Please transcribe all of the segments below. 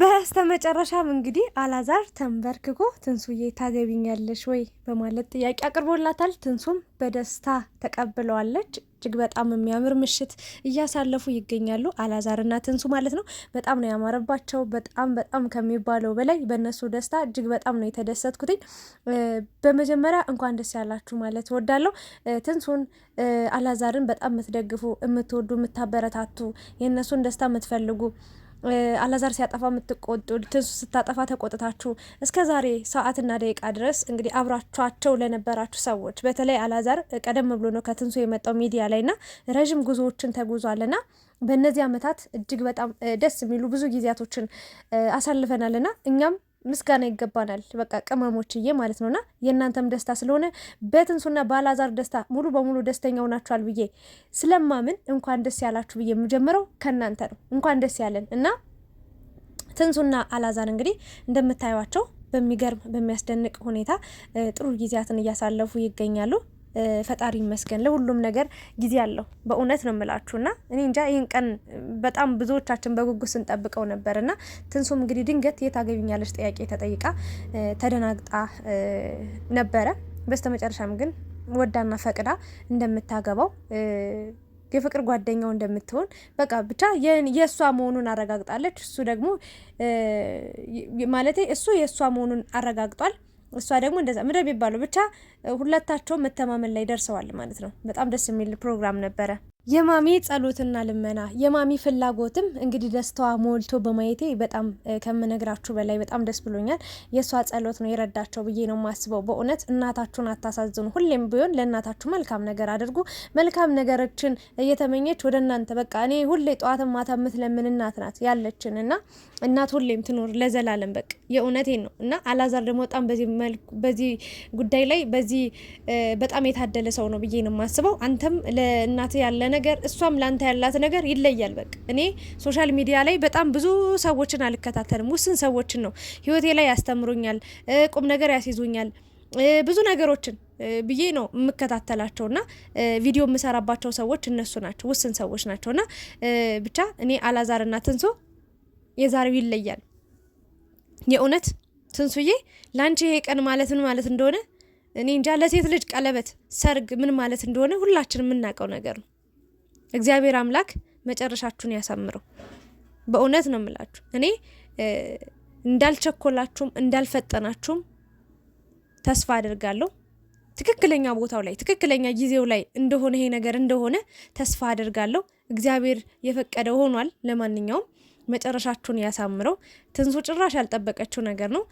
በስተመጨረሻም እንግዲህ አላዛር ተንበርክኮ ትንሱዬ ታገቢኛለሽ ወይ በማለት ጥያቄ አቅርቦላታል። ትንሱም በደስታ ተቀብለዋለች። እጅግ በጣም የሚያምር ምሽት እያሳለፉ ይገኛሉ። አላዛርና ትንሱ ማለት ነው። በጣም ነው ያማረባቸው። በጣም በጣም ከሚባለው በላይ በእነሱ ደስታ እጅግ በጣም ነው የተደሰትኩትኝ። በመጀመሪያ እንኳን ደስ ያላችሁ ማለት ወዳለሁ። ትንሱን አላዛርን በጣም የምትደግፉ፣ የምትወዱ፣ የምታበረታቱ የእነሱን ደስታ የምትፈልጉ አላዛር ሲያጠፋ የምትቆጡ ትንሱ ስታጠፋ ተቆጥታችሁ እስከ ዛሬ ሰዓትና ደቂቃ ድረስ እንግዲህ አብራችኋቸው ለነበራችሁ ሰዎች በተለይ አላዛር ቀደም ብሎ ነው ከትንሱ የመጣው ሚዲያ ላይ ና ረዥም ጉዞዎችን ተጉዟልና በእነዚህ አመታት እጅግ በጣም ደስ የሚሉ ብዙ ጊዜያቶችን ና እኛም ምስጋና ይገባናል። በቃ ቅመሞችዬ ማለት ነውና የእናንተም ደስታ ስለሆነ በትንሱና በአላዛር ደስታ ሙሉ በሙሉ ደስተኛው ሆናችኋል ብዬ ስለማምን እንኳን ደስ ያላችሁ ብዬ የምጀምረው ከእናንተ ነው። እንኳን ደስ ያለን እና ትንሱና አላዛር እንግዲህ እንደምታዩቸው በሚገርም በሚያስደንቅ ሁኔታ ጥሩ ጊዜያትን እያሳለፉ ይገኛሉ። ፈጣሪ ይመስገን ለሁሉም ነገር ጊዜ አለው። በእውነት ነው እና እኔ እንጃ ይህን ቀን በጣም ብዙዎቻችን በጉጉት ስንጠብቀው ነበር እና ትንሱም እንግዲህ ድንገት የታገቢኛለች ጥያቄ ተጠይቃ ተደናግጣ ነበረ። በስተ መጨረሻም ግን ወዳና ፈቅዳ እንደምታገባው የፍቅር ጓደኛው እንደምትሆን በቃ ብቻ የእሷ መሆኑን አረጋግጣለች። እሱ ደግሞ ማለቴ እሱ የእሷ መሆኑን አረጋግጧል። እሷ ደግሞ እንደዛ ምድር የሚባለው ብቻ ሁለታቸው መተማመን ላይ ደርሰዋል ማለት ነው። በጣም ደስ የሚል ፕሮግራም ነበረ። የማሚ ጸሎትና ልመና የማሚ ፍላጎትም እንግዲህ ደስታዋ ሞልቶ በማየቴ በጣም ከምነግራችሁ በላይ በጣም ደስ ብሎኛል። የእሷ ጸሎት ነው የረዳቸው ብዬ ነው የማስበው። በእውነት እናታችሁን አታሳዝኑ። ሁሌም ቢሆን ለእናታችሁ መልካም ነገር አድርጉ። መልካም ነገሮችን እየተመኘች ወደ እናንተ በቃ እኔ ሁሌ ጠዋት ማታ የምትለምን እናት ናት ያለችን እና እናት ሁሌም ትኖር ለዘላለም በቃ የእውነቴ ነው እና አላዛር ደግሞ በጣም በዚህ ጉዳይ ላይ በዚህ በጣም የታደለ ሰው ነው ብዬ ነው የማስበው። አንተም ለእናት ያለን ነገር እሷም ላንተ ያላት ነገር ይለያል። በቃ እኔ ሶሻል ሚዲያ ላይ በጣም ብዙ ሰዎችን አልከታተልም። ውስን ሰዎችን ነው ህይወቴ ላይ ያስተምሩኛል፣ ቁም ነገር ያስይዙኛል ብዙ ነገሮችን ብዬ ነው የምከታተላቸው ና ቪዲዮ የምሰራባቸው ሰዎች እነሱ ናቸው፣ ውስን ሰዎች ናቸው። ና ብቻ እኔ አላዛርና ትንሶ የዛሬው ይለያል። የእውነት ትንሱዬ ለአንቺ ይሄ ቀን ማለት ምን ማለት እንደሆነ እኔ እንጃ። ለሴት ልጅ ቀለበት፣ ሰርግ ምን ማለት እንደሆነ ሁላችን የምናውቀው ነገር ነው። እግዚአብሔር አምላክ መጨረሻችሁን ያሳምረው። በእውነት ነው የምላችሁ። እኔ እንዳልቸኮላችሁም እንዳልፈጠናችሁም ተስፋ አደርጋለሁ። ትክክለኛ ቦታው ላይ ትክክለኛ ጊዜው ላይ እንደሆነ ይሄ ነገር እንደሆነ ተስፋ አደርጋለሁ። እግዚአብሔር የፈቀደው ሆኗል። ለማንኛውም መጨረሻችሁን ያሳምረው። ትንሱ ጭራሽ ያልጠበቀችው ነገር ነው።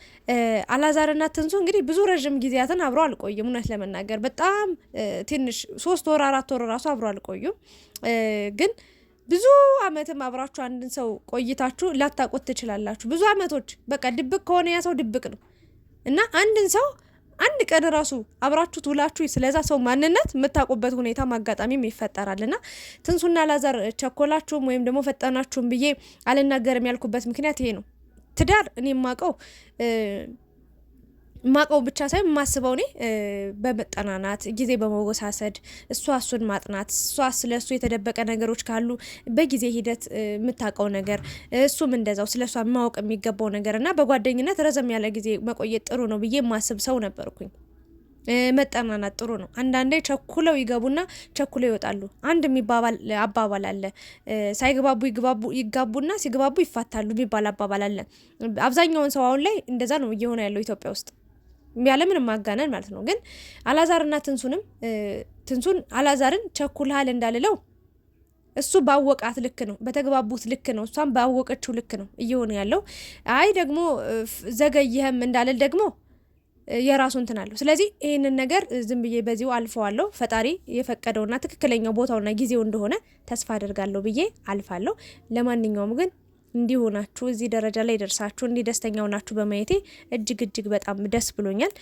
አላዛርና ትንሱ እንግዲህ ብዙ ረዥም ጊዜያትን አብሮ አልቆይም። እውነት ለመናገር በጣም ትንሽ ሶስት ወር አራት ወር ራሱ አብሮ አልቆዩም ግን ብዙ አመትም አብራችሁ አንድን ሰው ቆይታችሁ ላታቁት ትችላላችሁ። ብዙ አመቶች በቃ ድብቅ ከሆነ ያ ሰው ድብቅ ነው እና አንድን ሰው አንድ ቀን ራሱ አብራችሁ ትውላችሁ ስለዛ ሰው ማንነት የምታውቁበት ሁኔታ ማጋጣሚም ይፈጠራል እና ትንሱና ላዛር ቸኮላችሁም ወይም ደግሞ ፈጠናችሁም ብዬ አልናገርም ያልኩበት ምክንያት ይሄ ነው። ትዳር እኔ የማውቀው ማቀው ብቻ ሳይሆን የማስበው እኔ በመጠናናት ጊዜ በመወሳሰድ እሷ እሱን ማጥናት እሷ ስለ እሱ የተደበቀ ነገሮች ካሉ በጊዜ ሂደት የምታውቀው ነገር እሱም እንደዛው ስለ እሷ ማወቅ የሚገባው ነገር እና በጓደኝነት ረዘም ያለ ጊዜ መቆየት ጥሩ ነው ብዬ የማስብ ሰው ነበርኩኝ። መጠናናት ጥሩ ነው። አንዳንዴ ቸኩለው ይገቡና ቸኩለው ይወጣሉ። አንድ የሚባባል አባባል አለ። ሳይግባቡ ይጋቡና ሲግባቡ ይፋታሉ የሚባል አባባል አለ። አብዛኛውን ሰው አሁን ላይ እንደዛ ነው እየሆነ ያለው ኢትዮጵያ ውስጥ። ያለምንም ማጋነን ማለት ነው። ግን አላዛርና ትንሱንም ትንሱን አላዛርን ቸኩልሃል እንዳልለው እሱ ባወቃት ልክ ነው፣ በተግባቡት ልክ ነው፣ እሷም ባወቀችው ልክ ነው እየሆነ ያለው። አይ ደግሞ ዘገየህም እንዳልል ደግሞ የራሱ እንትን አለው። ስለዚህ ይህንን ነገር ዝም ብዬ በዚሁ አልፈዋለሁ። ፈጣሪ የፈቀደውና ትክክለኛው ቦታውና ጊዜው እንደሆነ ተስፋ አደርጋለሁ ብዬ አልፋለሁ። ለማንኛውም ግን እንዲሆናችሁ እዚህ ደረጃ ላይ ደርሳችሁ እንዲህ ደስተኛ ሆናችሁ በማየቴ እጅግ እጅግ በጣም ደስ ብሎኛል።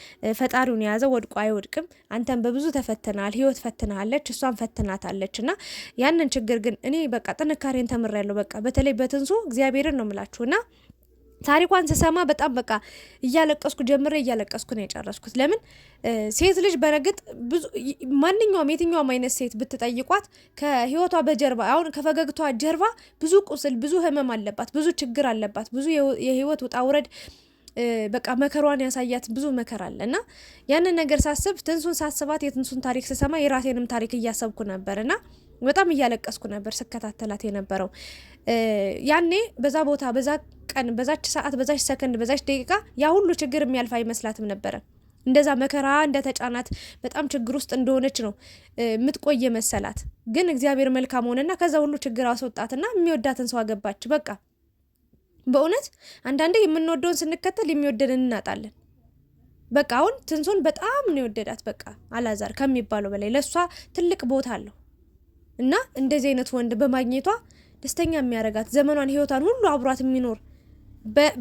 ፈጣሪውን የያዘው ወድቆ አይወድቅም። አንተን በብዙ ተፈትናል፣ ህይወት ፈትናለች፣ እሷን ፈትናታለች። እና ያንን ችግር ግን እኔ በቃ ጥንካሬን ተምሬያለሁ። በቃ በተለይ በትንሱ እግዚአብሔርን ነው እና ታሪኳን ስሰማ በጣም በቃ እያለቀስኩ ጀምሬ እያለቀስኩ ነው የጨረስኩት። ለምን ሴት ልጅ በረግጥ ብዙ ማንኛውም የትኛውም አይነት ሴት ብትጠይቋት ከህይወቷ በጀርባ አሁን ከፈገግቷ ጀርባ ብዙ ቁስል፣ ብዙ ህመም አለባት፣ ብዙ ችግር አለባት፣ ብዙ የህይወት ውጣ ውረድ በቃ መከሯን ያሳያት ብዙ መከራ አለ እና ያንን ነገር ሳስብ ትንሱን ሳስባት የትንሱን ታሪክ ስሰማ የራሴንም ታሪክ እያሰብኩ ነበር እና በጣም እያለቀስኩ ነበር ስከታተላት የነበረው ያኔ በዛ ቦታ በዛ ቀን በዛች ሰዓት በዛች ሰከንድ በዛች ደቂቃ ያ ሁሉ ችግር የሚያልፍ አይመስላትም ነበረ። እንደዛ መከራ ተጫናት በጣም ችግር ውስጥ እንደሆነች ነው የምትቆየ መሰላት። ግን እግዚአብሔር መልካም ሆነና ከዛ ሁሉ ችግር አስወጣትና የሚወዳትን ሰው አገባች። በቃ በእውነት አንዳንዴ የምንወደውን ስንከተል የሚወደንን እናጣለን። በቃ አሁን ትንሱን በጣም ነው የወደዳት። በቃ አላዛር ከሚባለው በላይ ለእሷ ትልቅ ቦታ አለው እና እንደዚህ አይነት ወንድ በማግኘቷ ደስተኛ የሚያረጋት ዘመኗን ህይወቷን ሁሉ አብሯት የሚኖር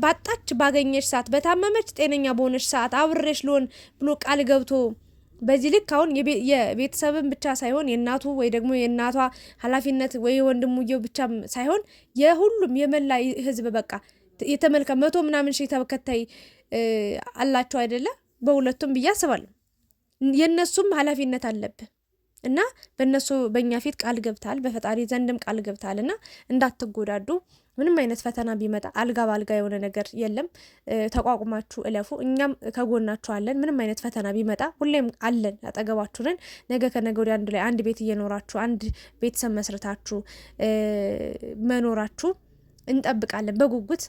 ባጣች ባገኘች ሰዓት በታመመች ጤነኛ በሆነች ሰዓት አብሬሽ ልሆን ብሎ ቃል ገብቶ በዚህ ልክ አሁን የቤተሰብን ብቻ ሳይሆን የእናቱ ወይ ደግሞ የእናቷ ኃላፊነት ወይ የወንድሙየው ብቻ ሳይሆን የሁሉም የመላ ህዝብ በቃ የተመልከ መቶ ምናምን ሺህ ተከታይ አላቸው አይደለ? በሁለቱም ብዬ አስባለሁ። የእነሱም ኃላፊነት አለብን። እና በእነሱ በእኛ ፊት ቃል ገብታል፣ በፈጣሪ ዘንድም ቃል ገብታል እና እንዳትጎዳዱ ምንም አይነት ፈተና ቢመጣ አልጋ በአልጋ የሆነ ነገር የለም። ተቋቁማችሁ እለፉ። እኛም ከጎናችሁ አለን። ምንም አይነት ፈተና ቢመጣ ሁሌም አለን፣ አጠገባችሁ ነን። ነገ ከነገ ወዲያ አንድ ላይ አንድ ቤት እየኖራችሁ አንድ ቤተሰብ መስረታችሁ መኖራችሁ እንጠብቃለን በጉጉት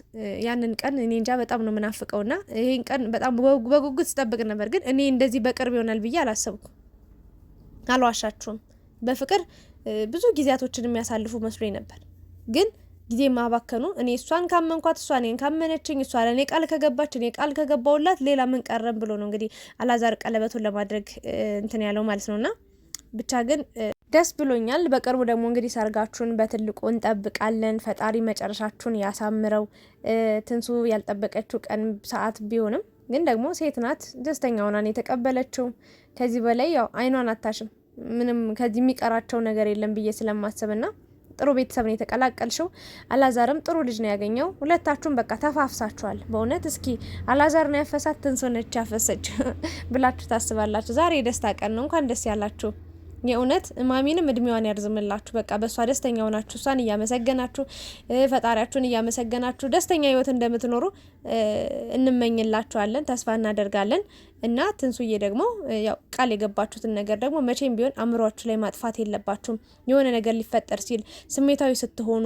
ያንን ቀን። እኔ እንጃ በጣም ነው የምናፍቀውና ይህን ቀን በጣም በጉጉት ስጠብቅ ነበር፣ ግን እኔ እንደዚህ በቅርብ ይሆናል ብዬ አላሰብኩም። አልዋሻችሁም። በፍቅር ብዙ ጊዜያቶችን የሚያሳልፉ መስሎኝ ነበር ግን ጊዜ ማባከኑ እኔ እሷን ካመንኳት እሷ እኔን ካመነችኝ እሷ ለእኔ ቃል ከገባች እኔ ቃል ከገባውላት ሌላ ምን ቀረም ብሎ ነው እንግዲህ አላዛር ቀለበቱን ለማድረግ እንትን ያለው ማለት ነውና ብቻ ግን ደስ ብሎኛል። በቅርቡ ደግሞ እንግዲህ ሰርጋችሁን በትልቁ እንጠብቃለን። ፈጣሪ መጨረሻችሁን ያሳምረው። ትንሱ ያልጠበቀችው ቀን ሰዓት ቢሆንም ግን ደግሞ ሴት ናት፣ ደስተኛ ሆናን የተቀበለችው ከዚህ በላይ ያው አይኗን አታሽም። ምንም ከዚህ የሚቀራቸው ነገር የለም ብዬ ስለማስብና ጥሩ ቤተሰብ ነው የተቀላቀልሽው። አላዛርም ጥሩ ልጅ ነው ያገኘው። ሁለታችሁም በቃ ተፋፍሳችኋል። በእውነት እስኪ አላዛር ነው ያፈሳት ትንሶነች ያፈሰች ብላችሁ ታስባላችሁ። ዛሬ የደስታ ቀን ነው። እንኳን ደስ ያላችሁ። የእውነት እማሚንም እድሜዋን ያርዝምላችሁ። በቃ በእሷ ደስተኛ ሆናችሁ እሷን እያመሰገናችሁ ፈጣሪያችሁን እያመሰገናችሁ ደስተኛ ህይወት እንደምትኖሩ እንመኝላችኋለን፣ ተስፋ እናደርጋለን። እና ትንሱዬ ደግሞ ያው ቃል የገባችሁትን ነገር ደግሞ መቼም ቢሆን አእምሯችሁ ላይ ማጥፋት የለባችሁም። የሆነ ነገር ሊፈጠር ሲል ስሜታዊ ስትሆኑ፣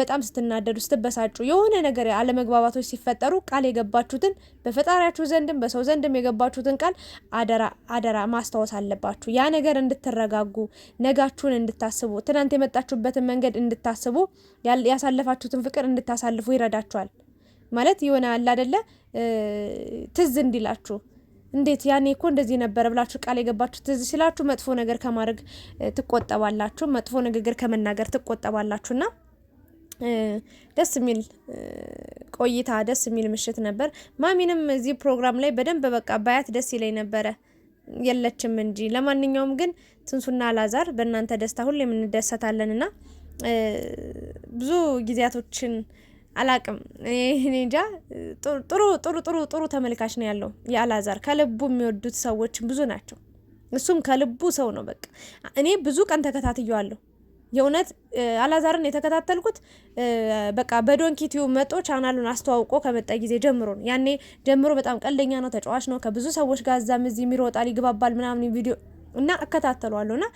በጣም ስትናደዱ፣ ስትበሳጩ፣ የሆነ ነገር አለመግባባቶች ሲፈጠሩ ቃል የገባችሁትን በፈጣሪያችሁ ዘንድም በሰው ዘንድም የገባችሁትን ቃል አደራ አደራ ማስታወስ አለባችሁ። ያ ነገር እንድትረጋጉ፣ ነጋችሁን እንድታስቡ፣ ትናንት የመጣችሁበትን መንገድ እንድታስቡ፣ ያሳለፋችሁትን ፍቅር እንድታሳልፉ ይረዳችኋል። ማለት የሆነ አለ አደለ ትዝ እንዲላችሁ እንዴት ያኔ እኮ እንደዚህ ነበረ ብላችሁ ቃል የገባችሁ ትዝ ሲላችሁ መጥፎ ነገር ከማድረግ ትቆጠባላችሁ፣ መጥፎ ንግግር ከመናገር ና ደስ የሚል ቆይታ፣ ደስ የሚል ምሽት ነበር። ማሚንም እዚህ ፕሮግራም ላይ በደንብ በቃ ባያት ደስ ይለኝ ነበረ የለችም እንጂ። ለማንኛውም ግን ትንሱና አላዛር በእናንተ ደስታ ሁሌም ና ብዙ ጊዜያቶችን አላቅም እኔ እንጃ። ጥሩ ጥሩ ጥሩ ጥሩ ተመልካች ነው ያለው የአላዛር ከልቡ የሚወዱት ሰዎች ብዙ ናቸው። እሱም ከልቡ ሰው ነው። በቃ እኔ ብዙ ቀን ተከታትየዋለሁ። የእውነት አላዛርን የተከታተልኩት በቃ በዶንኪ ቲዩብ መጦ ቻናሉን አስተዋውቆ ከመጣ ጊዜ ጀምሮ ነው። ያኔ ጀምሮ በጣም ቀልደኛ ነው፣ ተጫዋች ነው። ከብዙ ሰዎች ጋር እዛም እዚህ የሚሮጣል ይግባባል ምናምን ቪዲዮ እና እከታተለዋለሁ እና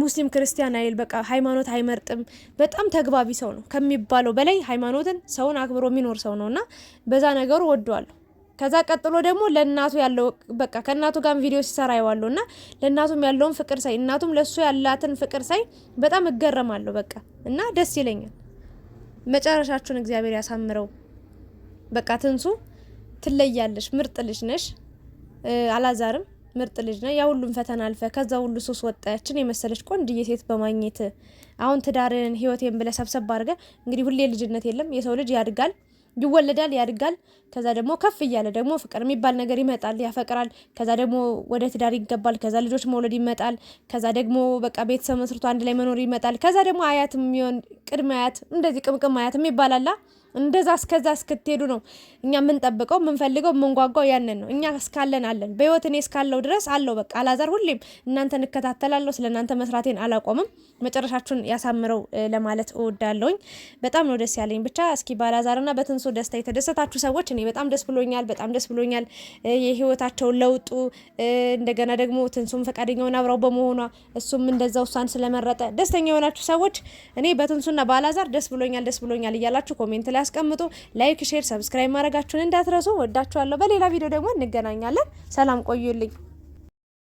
ሙስሊም ክርስቲያን አይል በቃ ሃይማኖት አይመርጥም። በጣም ተግባቢ ሰው ነው ከሚባለው በላይ ሃይማኖትን ሰውን አክብሮ የሚኖር ሰው ነው እና በዛ ነገሩ ወደዋለሁ። ከዛ ቀጥሎ ደግሞ ለእናቱ ያለው በቃ ከእናቱ ጋር ቪዲዮ ሲሰራ ይዋለሁ እና ለእናቱም ያለውን ፍቅር ሳይ እናቱም ለእሱ ያላትን ፍቅር ሳይ በጣም እገረማለሁ። በቃ እና ደስ ይለኛል። መጨረሻችሁን እግዚአብሔር ያሳምረው። በቃ ትንሱ ትለያለሽ፣ ምርጥ ልጅ ነሽ። አላዛርም ምርጥ ልጅ ነ ያ ሁሉም ፈተና አልፈ ከዛ ሁሉ ሶስት ወጣችን የመሰለች ቆንጅዬ ሴት በማግኘት አሁን ትዳርን ህይወቴን ብለ ሰብሰብ አድርገህ እንግዲህ ሁሌ ልጅነት የለም። የሰው ልጅ ያድጋል፣ ይወለዳል፣ ያድጋል። ከዛ ደግሞ ከፍ እያለ ደግሞ ፍቅር የሚባል ነገር ይመጣል፣ ያፈቅራል። ከዛ ደግሞ ወደ ትዳር ይገባል። ከዛ ልጆች መውለድ ይመጣል። ከዛ ደግሞ በቃ ቤተሰብ መስርቶ አንድ ላይ መኖር ይመጣል። ከዛ ደግሞ አያት የሚሆን ቅድመ አያት እንደዚህ ቅምቅም አያት የሚባላላ እንደዛ እስከዛ እስክትሄዱ ነው እኛ የምንጠብቀው የምንፈልገው የምንጓጓው ያንን ነው። እኛ እስካለን አለን። በህይወት እኔ እስካለው ድረስ አለው። በቃ አላዛር ሁሌም እናንተን እከታተላለሁ። ስለ እናንተ መስራቴን አላቆምም። መጨረሻችሁን ያሳምረው ለማለት እወዳለሁኝ። በጣም ነው ደስ ያለኝ። ብቻ እስኪ በአላዛርና በትንሶ ደስታ የተደሰታችሁ ሰዎች እኔ በጣም ደስ ብሎኛል። በጣም ደስ ብሎኛል። የህይወታቸው ለውጡ እንደገና ደግሞ ትንሱም ፈቃደኛውን አብረው በመሆኗ እሱም እንደዛው እሷን ስለመረጠ ደስተኛ የሆናችሁ ሰዎች እኔ በትንሱና በአላዛር ደስ ብሎኛል ደስ ብሎኛል እያላችሁ ኮሜንት ላይ አስቀምጡ። ላይክ፣ ሼር፣ ሰብስክራይብ ማድረጋችሁን እንዳትረሱ። ወዳችኋለሁ። በሌላ ቪዲዮ ደግሞ እንገናኛለን። ሰላም ቆዩልኝ።